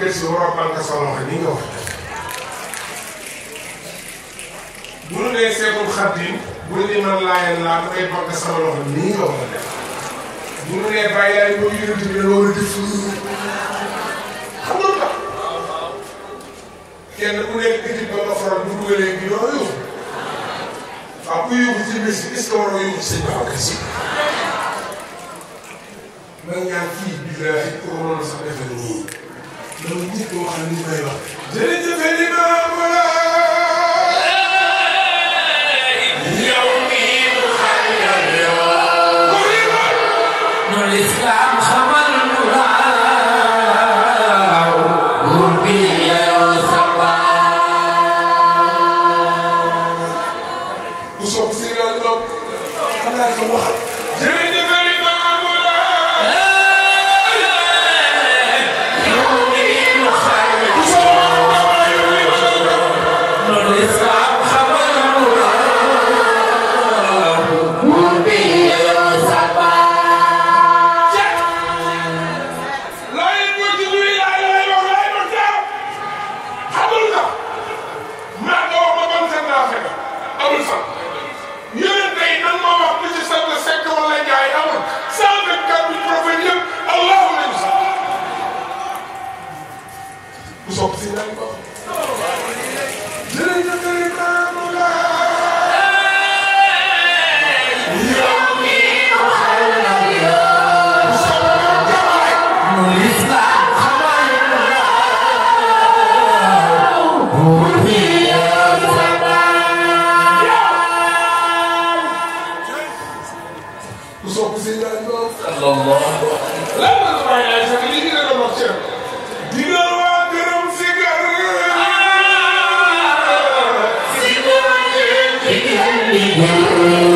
kër si waroo banque sa loxo ni nga wax bu nu nee Seexul Xadiim bu nu nee man laayeen laa dangay banque sama loxo nii nga war a def bu nu nee bàyyi laay boo yëngatu bi la war a def xam nga tax kenn ku nekk gëj ba nga faral bu dugalee bi doo yóbbu waaw ku yóbbu ci bés bi est ce que waroo yóbbu sëñ Babacar Si man ñaan fii bi la ko waroon sax defee nii dama gis koo xam ni koy wax jërëjëf you.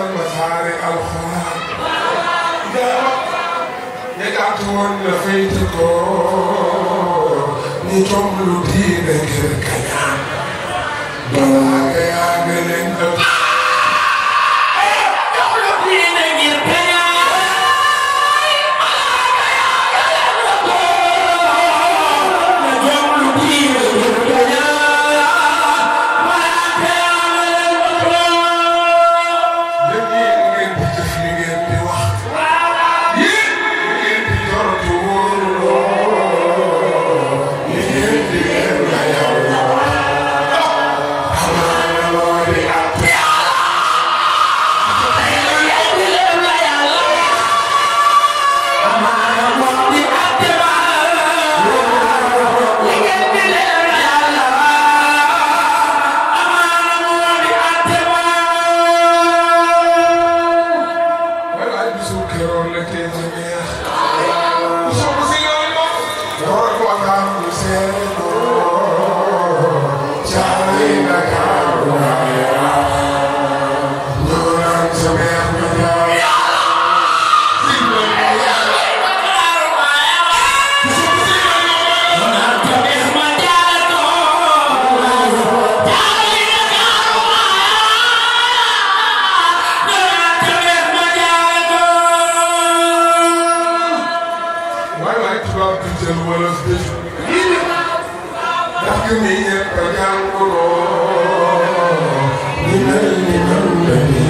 المثاني الخلق يا رب يقعدون لفيتكم نجمل دينك الكلام بلاك يا قلنا My life is about to tell what else this. Back in the end,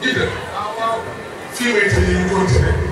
一点，几位曾经过去。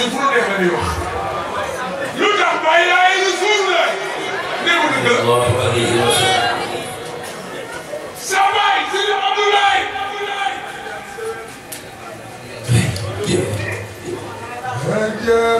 ñun fu ñu neexee dañuy wax. lu tax bàyyi laay ñu suuf la néew na gën. sa baay Sëriñ Abdoulaye. jërëjëf.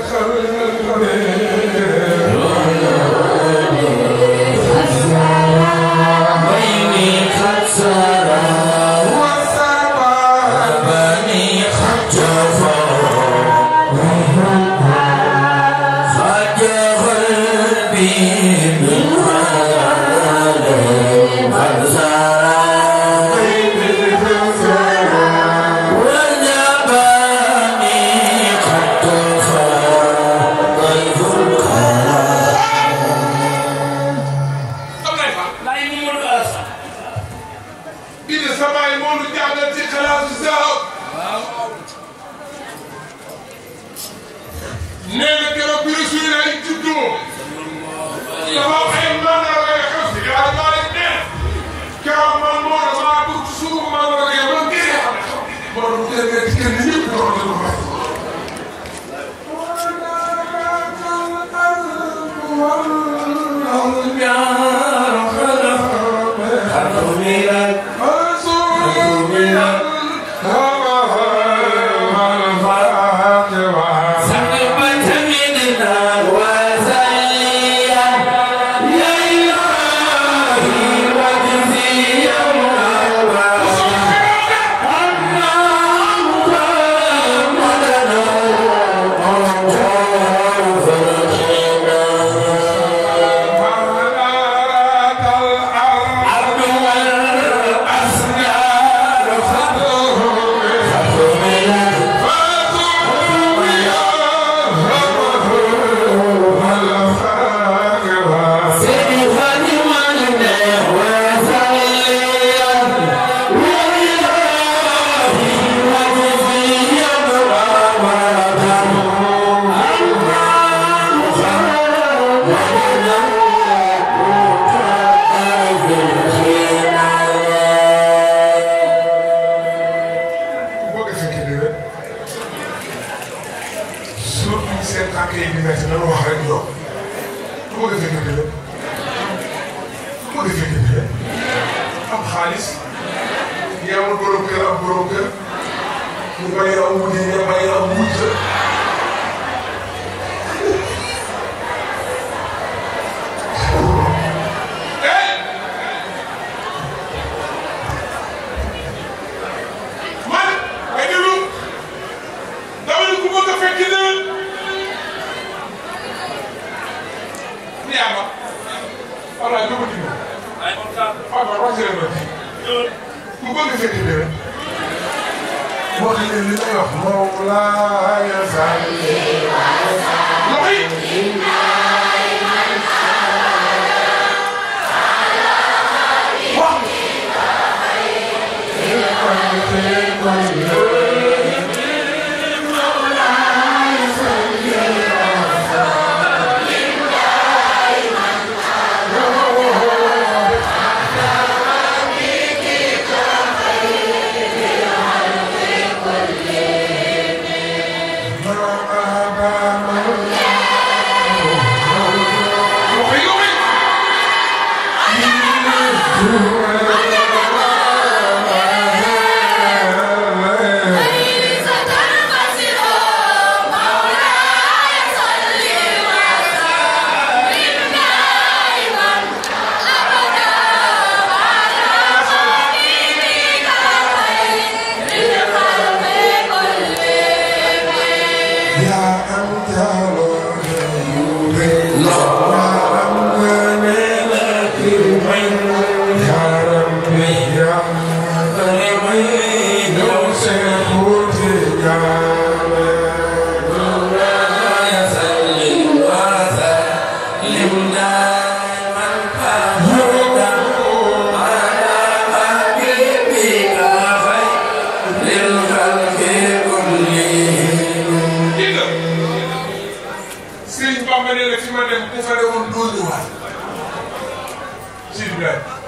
Lord, Lord, Lord, Lord, Lord, Lord, Lord, Lord, Lord, Cisgrande.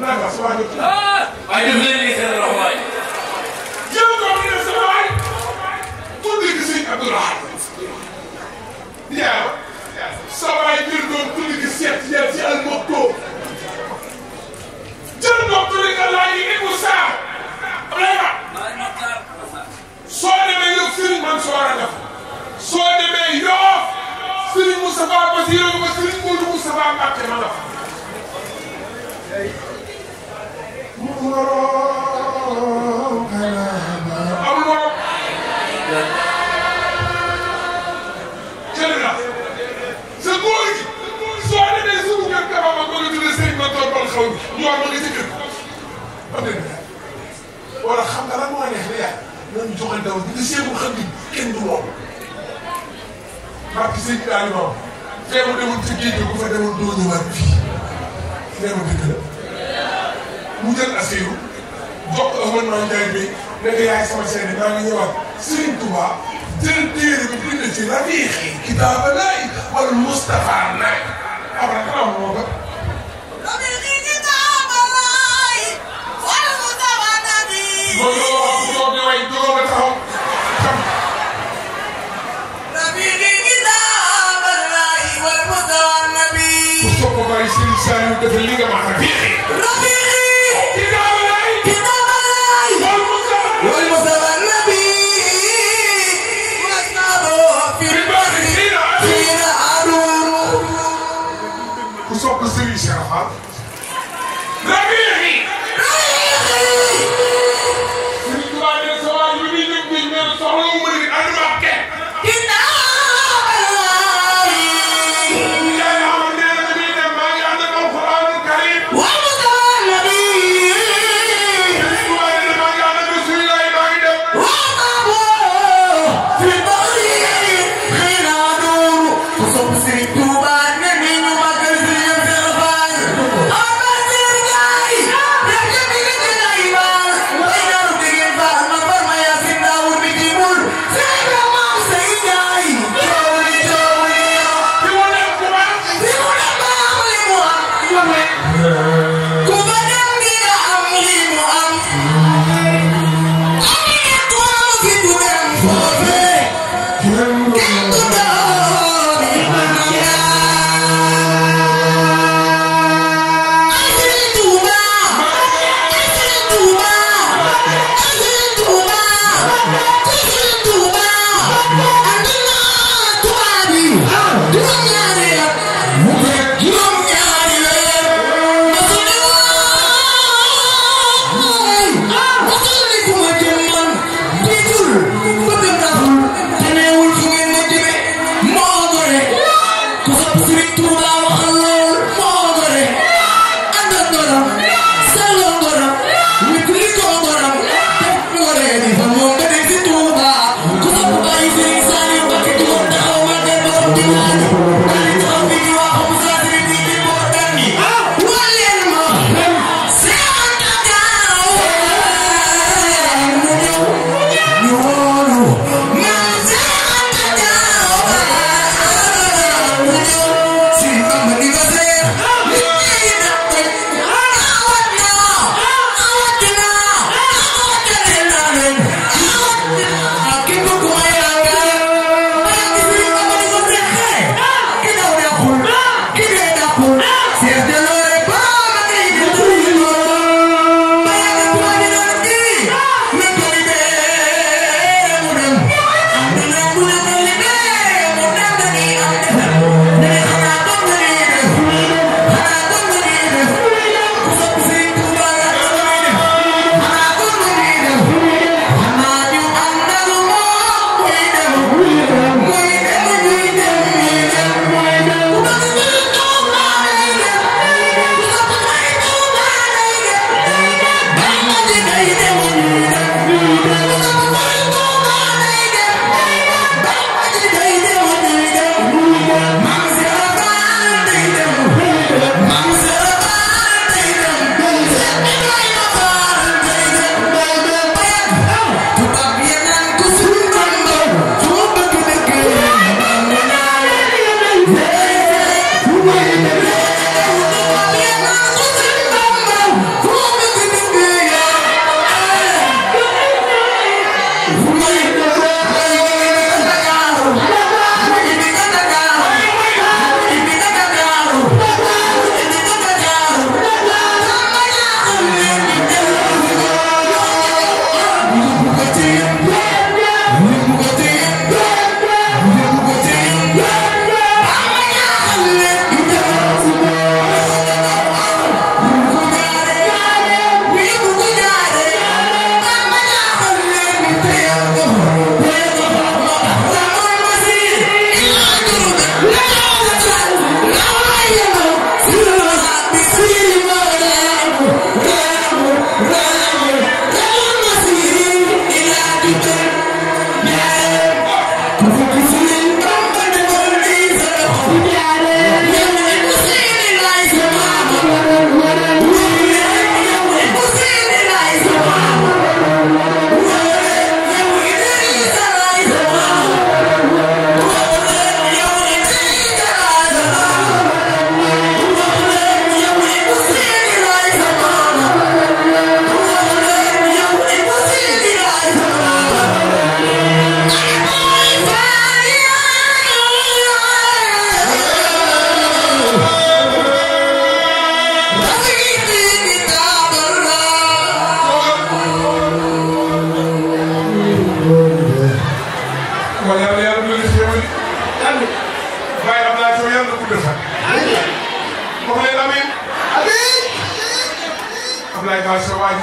waaye def leen liggéey seen loxo waay. yow kooku ñu ne sama waay. pour dégg sëñ Abdou Lahad. yaa sa waay jël doon pour dégg seet yàlla ci al mokto. jël doon pour dégg laa yi ému saa. soo demee yow Serigne Mansour a def. soo demee yoo. Serigne Moustapha Bassirou ba Serigne Modou Moustapha Mbacké ma def. fee mu demul ci géej gi bu fa demul doo ñëwaat fii fee mu dëkk la wutal asiru jox ko Ousmane Mame Ndiaye bi ne ko yaay sama seede maa ngi ñëwaat Serigne Touba jël téere bi bind ci rafiixi kitaaba laay wal Mustafa naay après xanaa moo ko Rabi Cheikh Fall Yeah.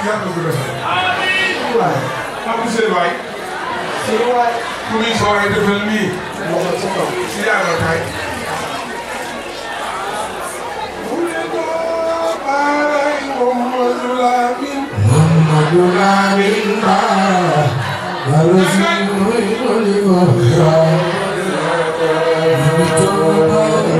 yàlla du rafet. waaw. Pape Seydou waay. Seydou waay. ku muy sooree defal nii. moom la ca kaw. si yàlla kaay. Muhammadu Lamin. Muhammadu Lamin Bara. Bara si muy